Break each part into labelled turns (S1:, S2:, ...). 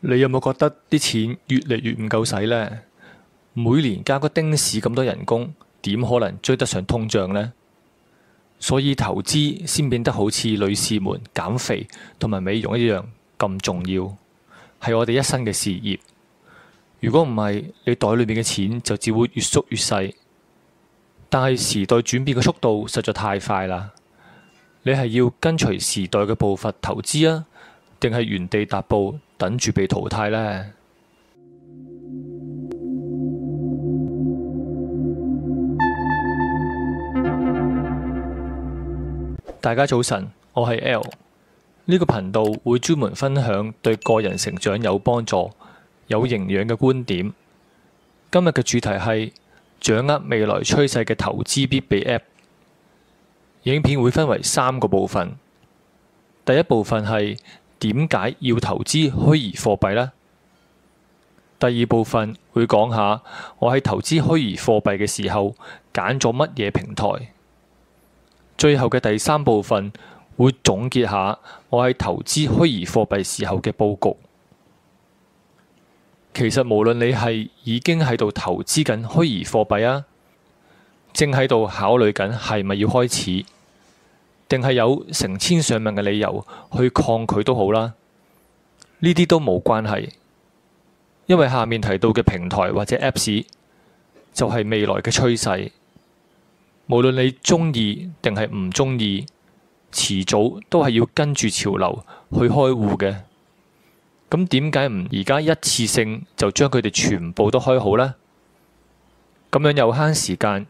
S1: 你有冇覺得啲錢越嚟越唔夠使呢？每年加個丁士咁多人工，點可能追得上通脹呢？所以投資先變得好似女士們減肥同埋美容一樣咁重要，係我哋一生嘅事業。如果唔係，你袋裏面嘅錢就只會越縮越細。但係時代轉變嘅速度實在太快啦，你係要跟隨時代嘅步伐投資啊，定係原地踏步？等住被淘汰呢。大家早晨，我係 L。呢個頻道會專門分享對個人成長有幫助、有營養嘅觀點。今日嘅主題係掌握未來趨勢嘅投資必備 App。影片會分為三個部分，第一部分係，點解要投資虛擬貨幣呢？第二部分會講下我喺投資虛擬貨幣嘅時候揀咗乜嘢平台。最後嘅第三部分會總結下我喺投資虛擬貨幣時候嘅佈局。其實無論你係已經喺度投資緊虛擬貨幣啊，正喺度考慮緊係咪要開始。定係有成千上萬嘅理由去抗拒都好啦，呢啲都冇關係，因為下面提到嘅平台或者 Apps 就係未來嘅趨勢。無論你中意定係唔中意，遲早都係要跟住潮流去開戶嘅。咁點解唔而家一次性就將佢哋全部都開好呢？咁樣又慳時間，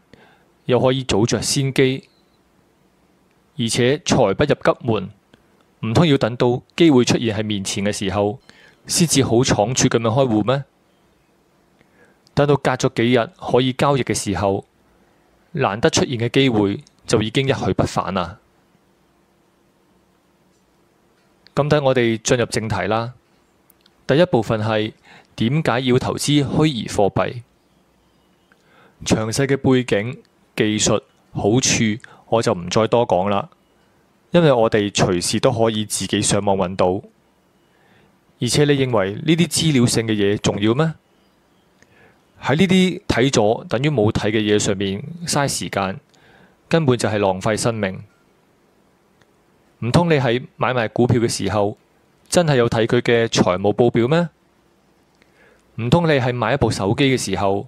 S1: 又可以早着先機。而且財不入急門，唔通要等到機會出現喺面前嘅時候，先至好倉促咁樣開戶咩？等到隔咗幾日可以交易嘅時候，難得出現嘅機會就已經一去不返啦。咁等我哋進入正題啦。第一部分係點解要投資虛擬貨幣？詳細嘅背景、技術、好處。我就唔再多講啦，因為我哋隨時都可以自己上網揾到。而且你認為呢啲資料性嘅嘢重要咩？喺呢啲睇咗等於冇睇嘅嘢上面嘥時間，根本就係浪費生命。唔通你喺買賣股票嘅時候真係有睇佢嘅財務報表咩？唔通你喺買一部手機嘅時候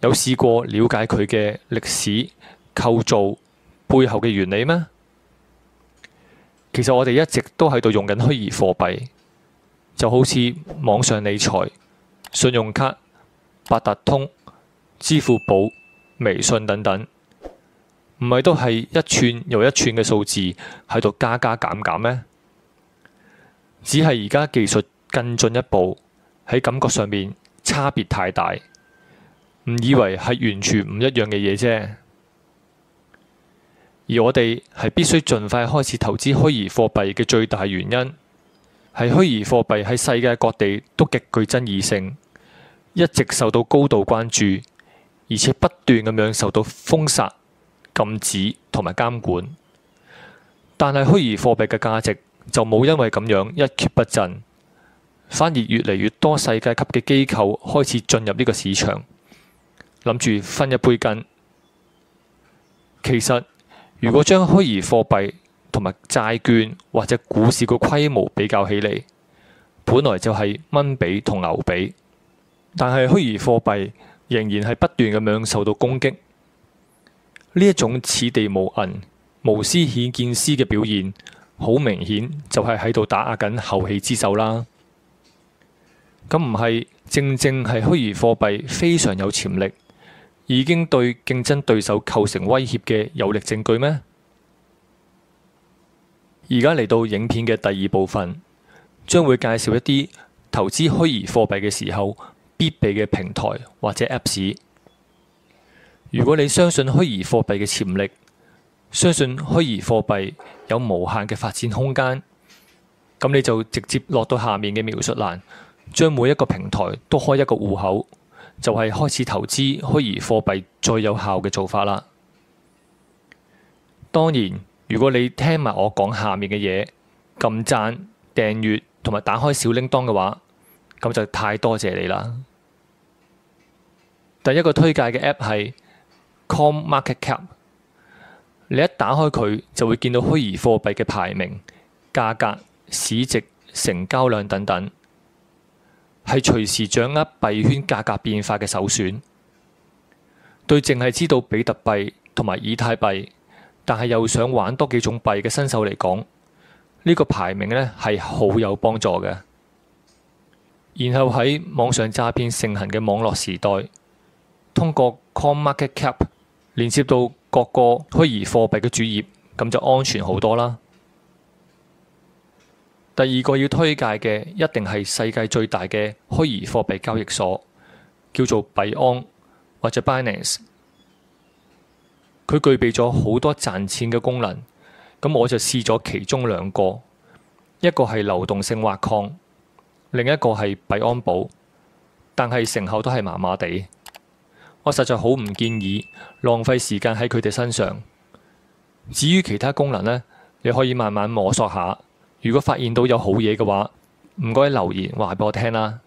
S1: 有試過了解佢嘅歷史構造？背後嘅原理咩？其實我哋一直都喺度用緊虛擬貨幣，就好似網上理財、信用卡、八達通、支付寶、微信等等，唔係都係一串又一串嘅數字喺度加加減減咩？只係而家技術更進一步，喺感覺上面差別太大，唔以為係完全唔一樣嘅嘢啫。而我哋係必須盡快開始投資虛擬貨幣嘅最大原因，係虛擬貨幣喺世界各地都極具爭議性，一直受到高度關注，而且不斷咁樣受到封殺、禁止同埋監管。但係虛擬貨幣嘅價值就冇因為咁樣一蹶不振，反而越嚟越多世界級嘅機構開始進入呢個市場，諗住分一杯羹。其實，如果將虛擬貨幣同埋債券或者股市嘅規模比較起嚟，本來就係蚊比同牛比，但係虛擬貨幣仍然係不斷咁樣受到攻擊。呢一種此地無銀，無私顯見私嘅表現，好明顯就係喺度打壓緊後起之秀啦。咁唔係正正係虛擬貨幣非常有潛力，已經對競爭對手構成威脅嘅有力證據咩？而家嚟到影片嘅第二部分，將會介紹一啲投資虛擬貨幣嘅時候必備嘅平台或者 apps。如果你相信虛擬貨幣嘅潛力，相信虛擬貨幣有無限嘅發展空間，咁你就直接落到下面嘅描述欄，將每一個平台都開一個戶口。就係開始投資虛擬貨幣最有效嘅做法啦。當然，如果你聽埋我講下面嘅嘢，撳讚、訂閱同埋打開小鈴鐺嘅話，咁就太多謝你啦。第一個推介嘅 app 係 CoinMarketCap，你一打開佢就會見到虛擬貨幣嘅排名、價格、市值、成交量等等。係隨時掌握幣圈價格變化嘅首選，對淨係知道比特幣同埋以太幣，但係又想玩多幾種幣嘅新手嚟講，呢、這個排名咧係好有幫助嘅。然後喺網上詐騙盛行嘅網絡時代，通過 CoinMarketCap 連接到各個虛擬貨幣嘅主頁，咁就安全好多啦。第二個要推介嘅，一定係世界最大嘅虛擬貨幣交易所，叫做幣安或者 Binance。佢具備咗好多賺錢嘅功能，咁我就試咗其中兩個，一個係流動性挖礦，另一個係幣安寶。但係成效都係麻麻地，我實在好唔建議浪費時間喺佢哋身上。至於其他功能呢，你可以慢慢摸索下。如果發現到有好嘢嘅話，唔該留言話畀我聽啦。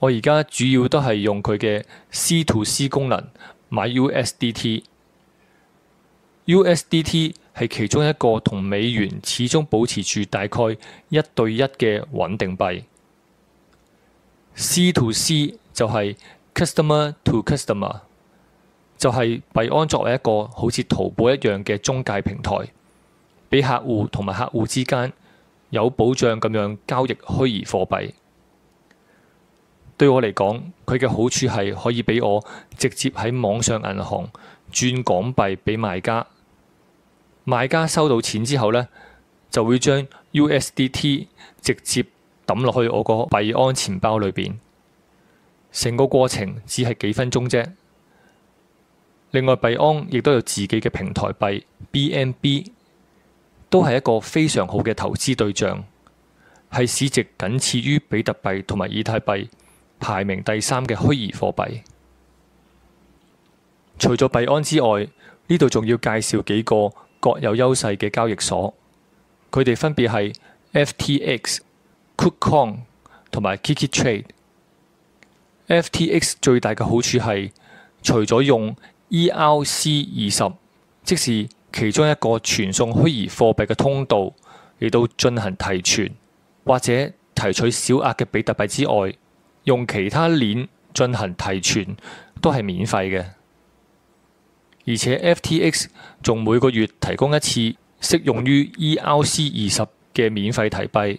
S1: 我而家主要都係用佢嘅 C to C 功能買 USDT，USDT 係其中一個同美元始終保持住大概一對一嘅穩定幣。C to C 就係 customer to customer，就係幣安作為一個好似淘寶一樣嘅中介平台。俾客戶同埋客戶之間有保障咁樣交易虛擬貨幣，對我嚟講，佢嘅好處係可以俾我直接喺網上銀行轉港幣俾賣家，賣家收到錢之後呢，就會將 USDT 直接抌落去我個幣安錢包裏邊，成個過程只係幾分鐘啫。另外，幣安亦都有自己嘅平台幣 BNB。B 都係一個非常好嘅投資對象，係市值僅次於比特幣同埋以太幣，排名第三嘅虛擬貨幣。除咗幣安之外，呢度仲要介紹幾個各有優勢嘅交易所，佢哋分別係 FTX、KuCoin 同埋 Kikitrade。FTX 最大嘅好處係，除咗用 ERC 二十，即是其中一個傳送虛擬貨幣嘅通道嚟到進行提存，或者提取小額嘅比特幣之外，用其他鏈進行提存都係免費嘅。而且 FTX 仲每個月提供一次適用於 ERC 二十嘅免費提幣，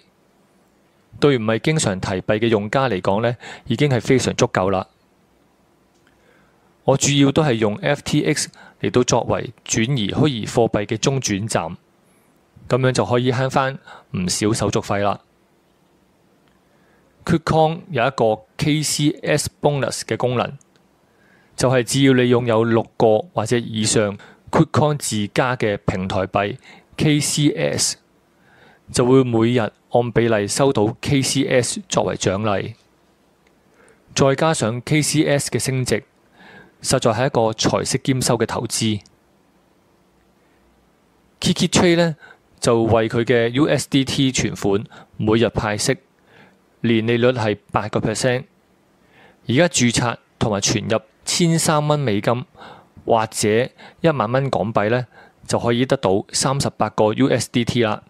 S1: 對唔係經常提幣嘅用家嚟講呢已經係非常足夠啦。我主要都係用 FTX。亦都作為轉移虛擬貨幣嘅中轉站，咁樣就可以慳返唔少手續費啦。KuCoin 有一個 KCS bonus 嘅功能，就係只要你擁有六個或者以上 KuCoin 自家嘅平台幣 KCS，就會每日按比例收到 KCS 作為獎勵，再加上 KCS 嘅升值。實在係一個財息兼收嘅投資。Kiki Trade 咧就為佢嘅 USDT 存款每日派息，年利率係八個 percent。而家註冊同埋存入千三蚊美金或者一萬蚊港幣咧，就可以得到三十八個 USDT 啦。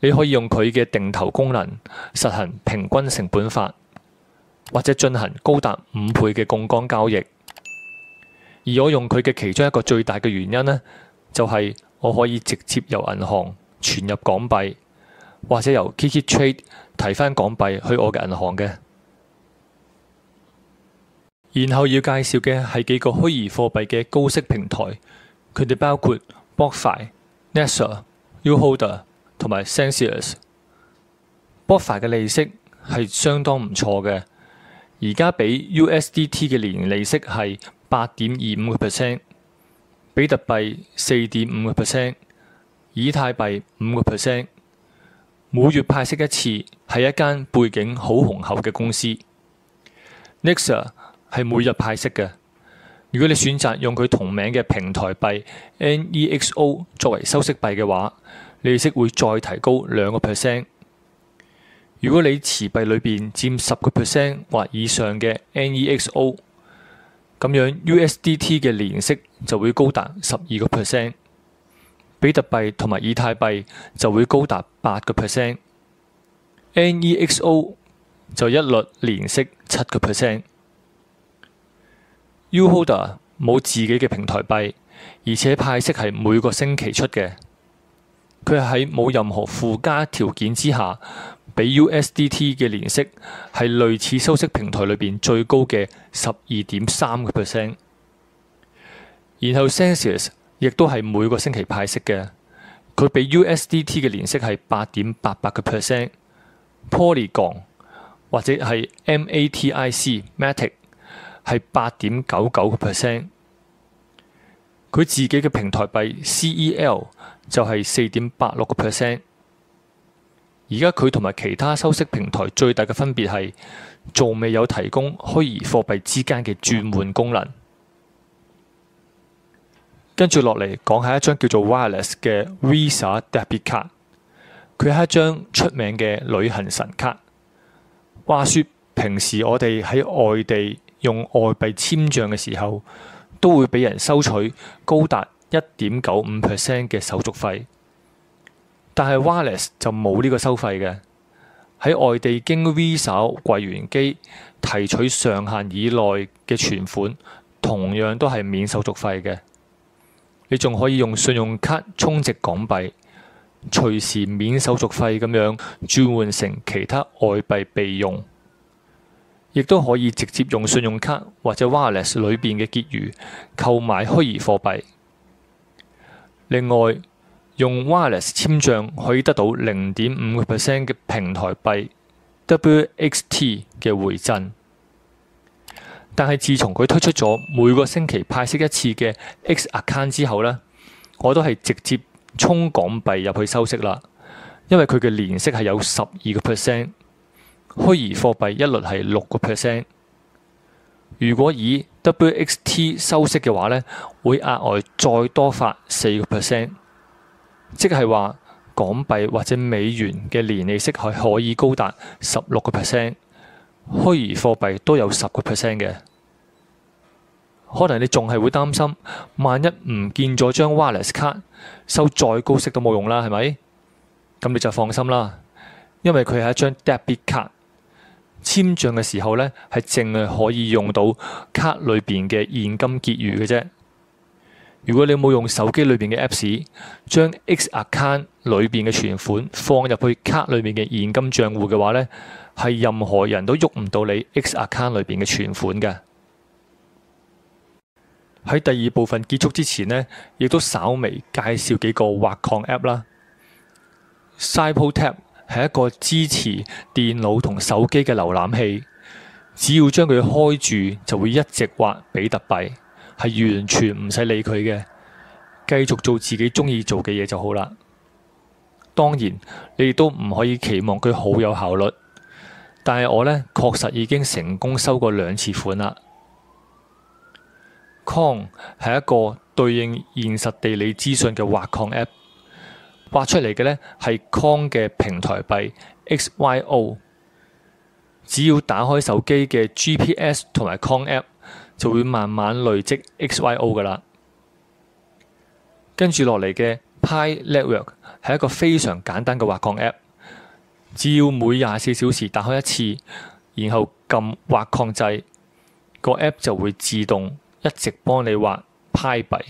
S1: 你可以用佢嘅定投功能，實行平均成本法。或者進行高達五倍嘅槓桿交易，而我用佢嘅其中一個最大嘅原因呢，就係、是、我可以直接由銀行存入港幣，或者由 Kiki Trade 提翻港幣去我嘅銀行嘅。 然後要介紹嘅係幾個虛擬貨幣嘅高息平台，佢哋包括 BlockFi、Nexo、YouHodler 同埋 Celsius。BlockFi 嘅利息係相當唔錯嘅。而家俾 USDT 嘅年利息係八點二五個 percent，比特幣四點五個 percent，以太幣五個 percent，每月派息一次，係一間背景好雄厚嘅公司。Nexo 係每日派息嘅，如果你選擇用佢同名嘅平台幣 NEXO 作為收息幣嘅話，利息會再提高兩個 percent。如果你持幣裏邊佔十個 percent 或以上嘅 NEXO，咁樣 USDT 嘅年息就會高達十二個 percent，比特幣同埋以太幣就會高達八個 percent，NEXO 就一律年息七個 percent。YouHodler 冇自己嘅平台幣，而且派息係每個星期出嘅，佢喺冇任何附加條件之下。比 USDT 嘅年息係類似收息平台裏邊最高嘅十二點三個 percent。然後 Celsius 亦都係每個星期派息嘅，佢比 USDT 嘅年息係八點八八個 percent。Polygon 或者係 MATIC，matic 係八點九九個 percent。佢自己嘅平台幣 CEL 就係四點八六個 percent。而家佢同埋其他收息平台最大嘅分別係，仲未有提供虛擬貨幣之間嘅轉換功能。跟住落嚟講下一張叫做 Wirex 嘅 Visa debit 卡，佢係一張出名嘅旅行神卡。話説平時我哋喺外地用外幣簽賬嘅時候，都會俾人收取高達一點九五 percent 嘅手續費。但係 Wirex 就冇呢個收費嘅，喺外地經 Visa 櫃員機提取上限以內嘅存款，同樣都係免手續費嘅。你仲可以用信用卡充值港幣，隨時免手續費咁樣轉換成其他外幣備用，亦都可以直接用信用卡或者 Wirex 裏邊嘅結餘購買虛擬貨幣。另外，用 Wirex 簽帳可以得到零點五個 percent 嘅平台幣 WXT 嘅回贈，但係自從佢推出咗每個星期派息一次嘅 X Account 之後，呢我都係直接充港幣入去收息啦，因為佢嘅年息係有十二個 percent，虛擬貨幣一律係六個 percent。如果以 WXT 收息嘅話，呢會額外再多發四個 percent。即係話港幣或者美元嘅年利息係可以高達十六個 percent，虛擬貨幣都有十個 percent 嘅。可能你仲係會擔心，萬一唔見咗張 Wirex 卡，收再高息都冇用啦，係咪？咁你就放心啦，因為佢係一張 debit 卡，簽賬嘅時候呢係淨係可以用到卡裏邊嘅現金結餘嘅啫。如果你冇用手機裏邊嘅 Apps 將 X Account 裏邊嘅存款放入去卡裏面嘅現金帳戶嘅話呢，係任何人都喐唔到你 X Account 裏邊嘅存款嘅。喺 第二部分結束之前呢，亦都稍微介紹幾個挖礦 App 啦。CryptoTab 係一個支持電腦同手機嘅瀏覽器，只要將佢開住，就會一直挖比特幣。係完全唔使理佢嘅，繼續做自己中意做嘅嘢就好啦。當然，你都唔可以期望佢好有效率。但係我呢確實已經成功收過兩次款啦。COIN 係一個對應現實地理資訊嘅挖礦 App，挖出嚟嘅呢係 COIN 嘅平台幣 XYO。只要打開手機嘅 GPS 同埋 COIN App。就會慢慢累積 X、Y、O 噶啦。跟住落嚟嘅 Pi Network 係一個非常簡單嘅挖礦 App，只要每廿四小時打開一次，然後撳挖礦掣，這個 App 就會自動一直幫你挖 Pi 幣。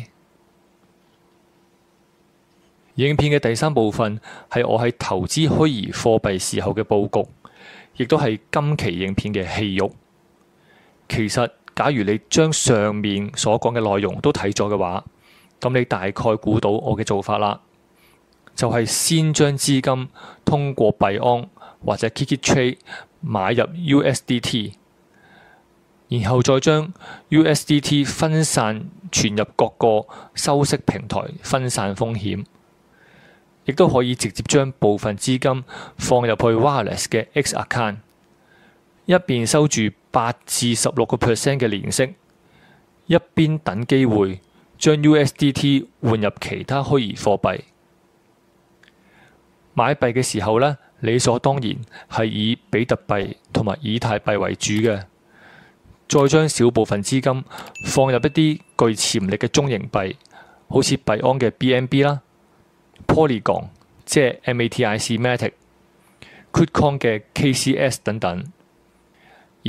S1: 影片嘅第三部分係我喺投資虛擬貨幣時候嘅佈局，亦都係今期影片嘅戲肉。其實。假如你將上面所講嘅內容都睇咗嘅話，咁你大概估到我嘅做法啦，就係、是、先將資金通過幣安或者 Kiki Trade 買入 USDT，然後再將 USDT 分散存入各個收息平台分散風險，亦都可以直接將部分資金放入去 Wirex 嘅 X Account。Acc ount, 一邊收住八至十六個 percent 嘅年息，一邊等機會將 USDT 換入其他虛擬貨幣。買幣嘅時候呢，理所當然係以比特幣同埋以太幣為主嘅，再將少部分資金放入一啲具潛力嘅中型幣，好似幣安嘅 BNB 啦、Polygon 即係 Matic、Matic、Kucoin 嘅 KCS 等等。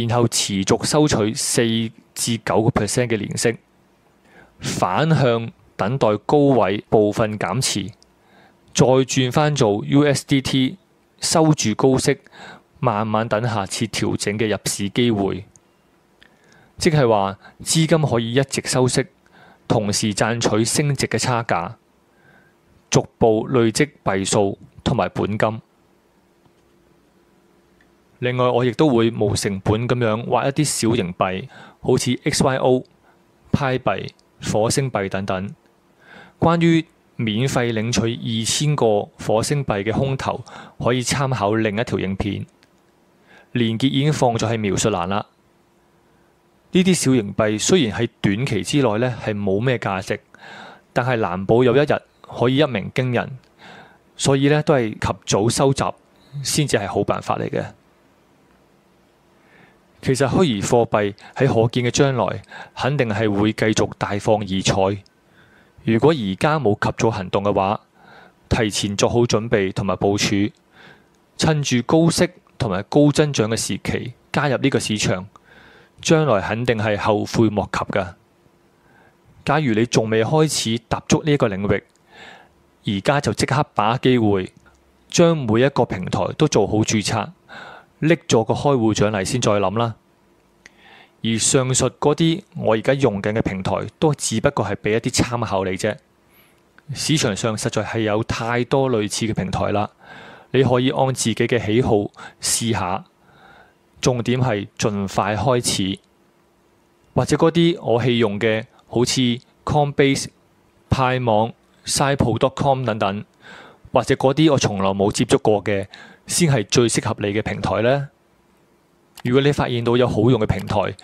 S1: 然後持續收取四至九個 percent 嘅年息，反向等待高位部分減持，再轉返做 USDT，收住高息，慢慢等下次調整嘅入市機會。即係話資金可以一直收息，同時賺取升值嘅差價，逐步累積幣數同埋本金。另外，我亦都會無成本咁樣挖一啲小型幣，好似 X、Y、O、派幣、火星幣等等。關於免費領取二千個火星幣嘅空投，可以參考另一條影片，連結已經放咗喺描述欄啦。呢啲小型幣雖然喺短期之內呢係冇咩價值，但係難保有一日可以一鳴驚人，所以呢都係及早收集先至係好辦法嚟嘅。其實虛擬貨幣喺可見嘅將來，肯定係會繼續大放異彩。如果而家冇及早行動嘅話，提前做好準備同埋部署，趁住高息同埋高增長嘅時期加入呢個市場，將來肯定係後悔莫及㗎。假如你仲未開始踏足呢個領域，而家就即刻把握機會，將每一個平台都做好註冊。拎咗個開戶獎勵先，再諗啦。而上述嗰啲我而家用緊嘅平台，都只不過係俾一啲參考你啫。市場上實在係有太多類似嘅平台啦。你可以按自己嘅喜好試下。重點係盡快開始。或者嗰啲我棄用嘅，好似 Coinbase、派網、Sipo.com 等等，或者嗰啲我從來冇接觸過嘅。先係最適合你嘅平台呢。如果你發現到有好用嘅平台，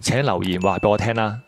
S1: 請留言話畀我聽啦。